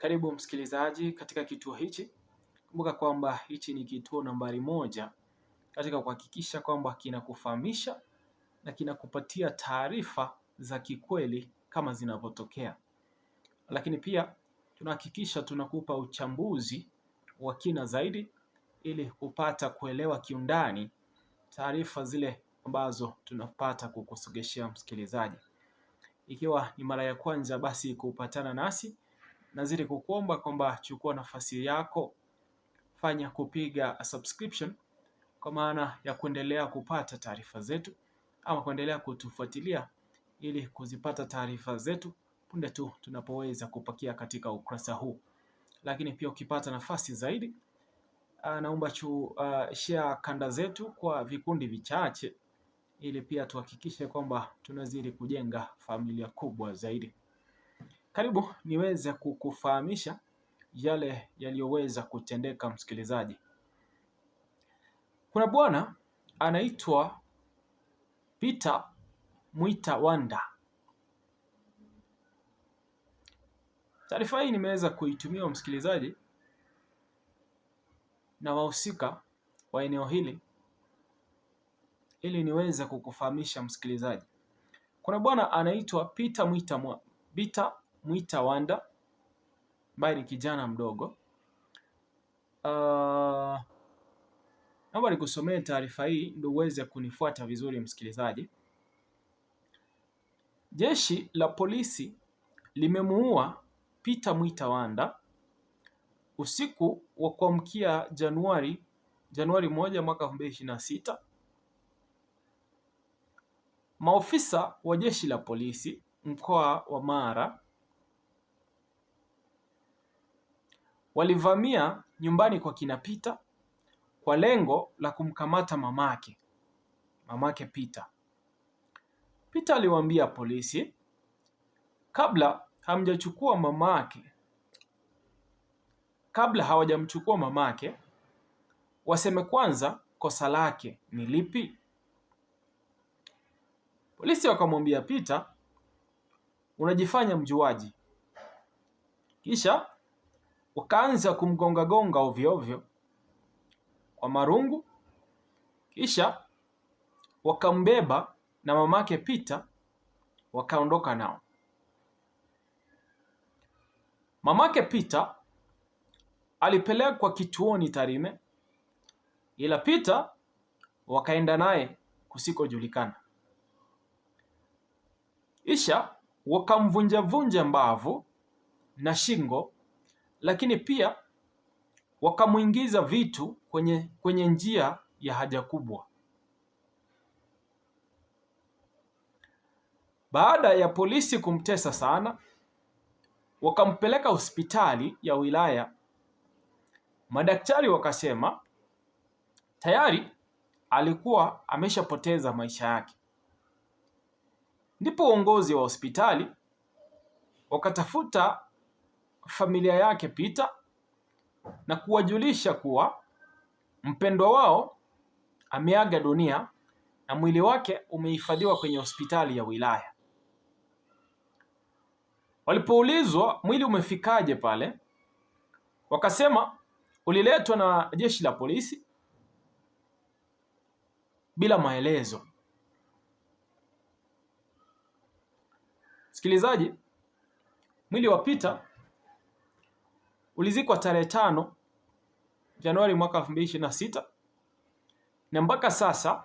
Karibu msikilizaji katika kituo hichi. Kumbuka kwamba hichi ni kituo nambari moja katika kuhakikisha kwamba kinakufahamisha na kinakupatia taarifa za kikweli kama zinavyotokea, lakini pia tunahakikisha tunakupa uchambuzi wa kina zaidi ili kupata kuelewa kiundani taarifa zile ambazo tunapata kukusogeshea msikilizaji. Ikiwa ni mara ya kwanza basi kupatana nasi, nazidi kukuomba kwamba chukua nafasi yako, fanya kupiga subscription kwa maana ya kuendelea kupata taarifa zetu ama kuendelea kutufuatilia ili kuzipata taarifa zetu punde tu tunapoweza kupakia katika ukurasa huu. Lakini pia ukipata nafasi zaidi, ah, naomba chu uh, share kanda zetu kwa vikundi vichache, ili pia tuhakikishe kwamba tunazidi kujenga familia kubwa zaidi. Karibu niweze kukufahamisha yale yaliyoweza kutendeka msikilizaji. Kuna bwana anaitwa Peter wanda Taarifa hii nimeweza kuitumia msikilizaji na wahusika wa eneo hili ili niweze kukufahamisha msikilizaji. Kuna bwana anaitwa Peter Mwita Peter Mwita Wanda ambaye ni kijana mdogo uh, naomba nikusomee taarifa hii ndio uweze kunifuata vizuri msikilizaji. Jeshi la polisi limemuua Peter Mwita Wanda usiku wa kuamkia Januari Januari moja mwaka na sita Maofisa wa jeshi la polisi mkoa wa Mara Walivamia nyumbani kwa kina Peter kwa lengo la kumkamata mamake mamake Peter. Peter aliwaambia polisi, kabla hamjachukua mamake kabla hawajamchukua mamake, waseme kwanza kosa lake ni lipi. Polisi wakamwambia Peter, unajifanya mjuaji, kisha wakaanza kumgongagonga ovyoovyo kwa marungu, kisha wakambeba na mamake Peter wakaondoka nao. Mamake Peter alipelekwa kituoni Tarime, ila Peter wakaenda naye kusikojulikana, isha wakamvunjavunja mbavu na shingo lakini pia wakamwingiza vitu kwenye, kwenye njia ya haja kubwa. Baada ya polisi kumtesa sana, wakampeleka hospitali ya wilaya. Madaktari wakasema tayari alikuwa ameshapoteza maisha yake. Ndipo uongozi wa hospitali wakatafuta familia yake Peter na kuwajulisha kuwa mpendwa wao ameaga dunia na mwili wake umehifadhiwa kwenye hospitali ya wilaya. Walipoulizwa mwili umefikaje pale, wakasema uliletwa na jeshi la polisi bila maelezo. Msikilizaji, mwili wa Peter Ulizikwa tarehe tano Januari mwaka 2026 na na mpaka sasa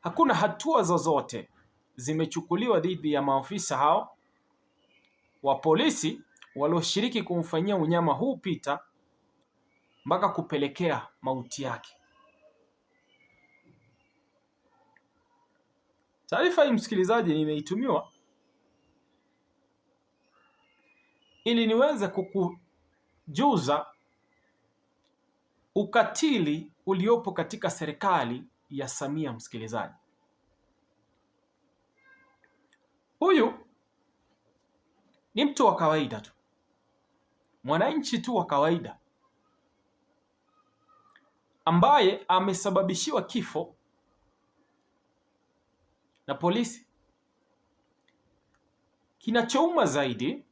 hakuna hatua zozote zimechukuliwa dhidi ya maofisa hao wa polisi walioshiriki kumfanyia unyama huu Peter mpaka kupelekea mauti yake. Taarifa hii msikilizaji, nimeitumiwa ili niweze kuku juza ukatili uliopo katika serikali ya Samia. Msikilizaji huyu ni mtu wa kawaida tu, mwananchi tu wa kawaida ambaye amesababishiwa kifo na polisi. Kinachouma zaidi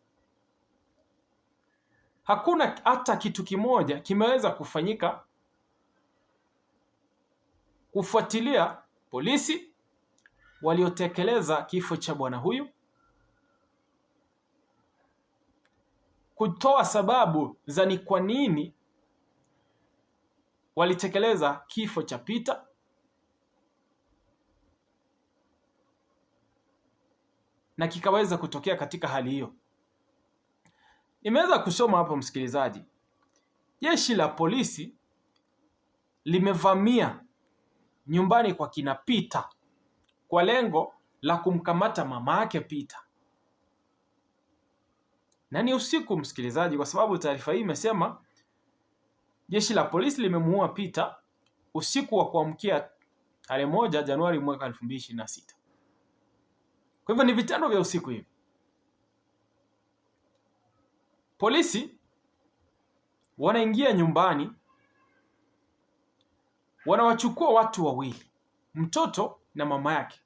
hakuna hata kitu kimoja kimeweza kufanyika kufuatilia polisi waliotekeleza kifo cha bwana huyu, kutoa sababu za ni kwa nini walitekeleza kifo cha Peter, na kikaweza kutokea katika hali hiyo. Nimeweza kusoma hapo msikilizaji, jeshi la polisi limevamia nyumbani kwa kina Peter kwa lengo la kumkamata mama yake Peter, na ni usiku msikilizaji, kwa sababu taarifa hii imesema jeshi la polisi limemuua Peter usiku wa kuamkia tarehe moja Januari mwaka 2026. Kwa hivyo ni vitendo vya usiku hivi. Polisi wanaingia nyumbani, wanawachukua watu wawili, mtoto na mama yake.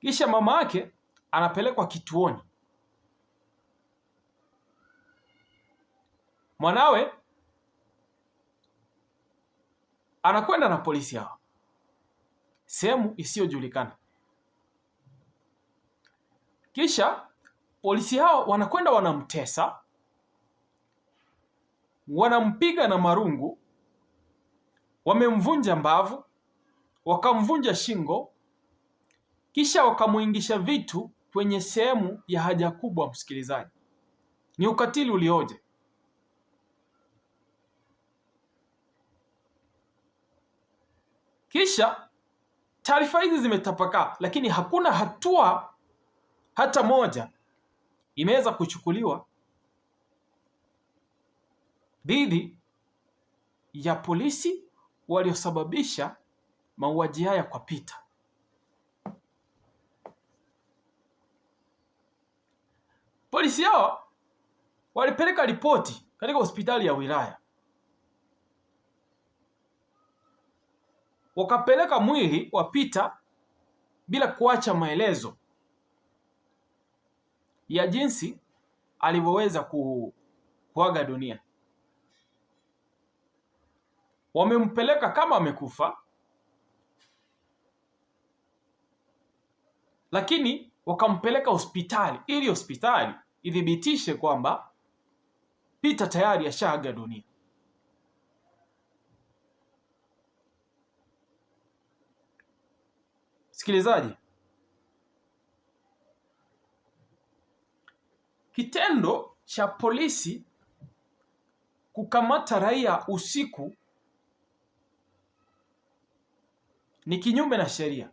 Kisha mama yake anapelekwa kituoni, mwanawe anakwenda na polisi hawa sehemu isiyojulikana, kisha polisi hao wanakwenda wanamtesa, wanampiga na marungu, wamemvunja mbavu, wakamvunja shingo, kisha wakamuingisha vitu kwenye sehemu ya haja kubwa. Msikilizaji, ni ukatili ulioje! Kisha taarifa hizi zimetapakaa, lakini hakuna hatua hata moja imeweza kuchukuliwa dhidi ya polisi waliosababisha mauaji haya kwa Peter. Polisi hao walipeleka ripoti katika hospitali ya wilaya, wakapeleka mwili wa Peter bila kuacha maelezo ya jinsi alivyoweza ku, kuaga dunia. Wamempeleka kama amekufa, lakini wakampeleka hospitali ili hospitali ithibitishe kwamba Peter tayari ashaaga dunia. Msikilizaji Kitendo cha polisi kukamata raia usiku ni kinyume na sheria.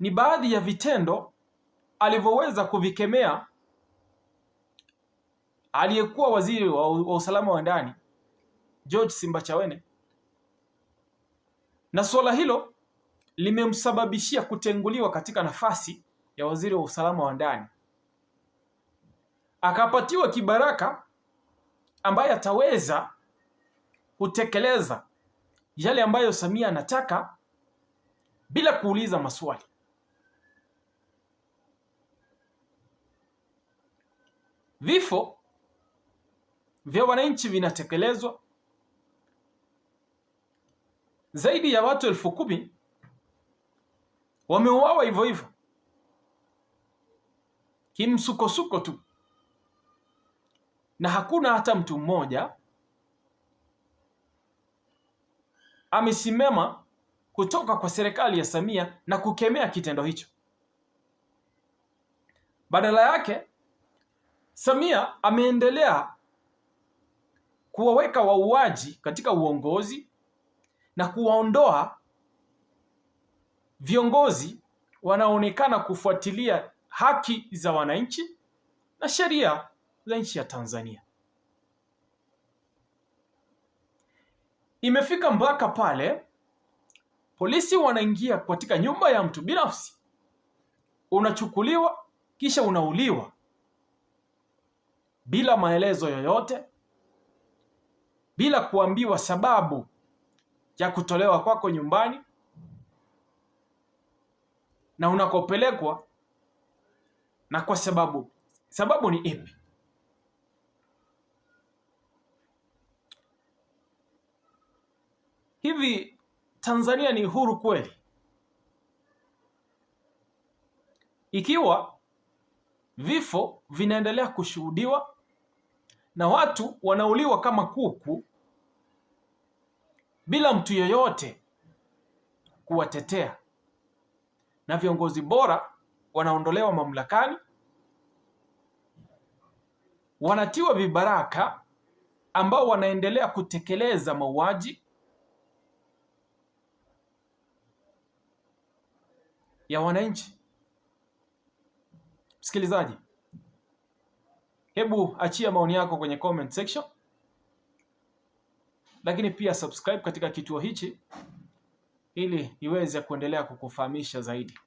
Ni baadhi ya vitendo alivyoweza kuvikemea aliyekuwa waziri wa usalama wa ndani George Simbachawene, na suala hilo limemsababishia kutenguliwa katika nafasi ya waziri wa usalama wa ndani, akapatiwa kibaraka ambaye ataweza kutekeleza yale ambayo Samia anataka bila kuuliza maswali. Vifo vya wananchi vinatekelezwa, zaidi ya watu elfu kumi wameuawa hivyo hivyo kimsukosuko tu, na hakuna hata mtu mmoja amesimama kutoka kwa serikali ya Samia na kukemea kitendo hicho. Badala yake Samia ameendelea kuwaweka wauaji katika uongozi na kuwaondoa viongozi wanaonekana kufuatilia haki za wananchi na sheria za nchi ya Tanzania. Imefika mpaka pale polisi wanaingia katika nyumba ya mtu binafsi, unachukuliwa kisha unauliwa bila maelezo yoyote, bila kuambiwa sababu ya kutolewa kwako nyumbani, na unakopelekwa na kwa sababu. Sababu ni ipi? Hivi Tanzania ni huru kweli? Ikiwa vifo vinaendelea kushuhudiwa na watu wanauliwa kama kuku bila mtu yeyote kuwatetea na viongozi bora wanaondolewa mamlakani, wanatiwa vibaraka ambao wanaendelea kutekeleza mauaji ya wananchi. Msikilizaji, hebu achia maoni yako kwenye comment section, lakini pia subscribe katika kituo hichi ili iweze kuendelea kukufahamisha zaidi.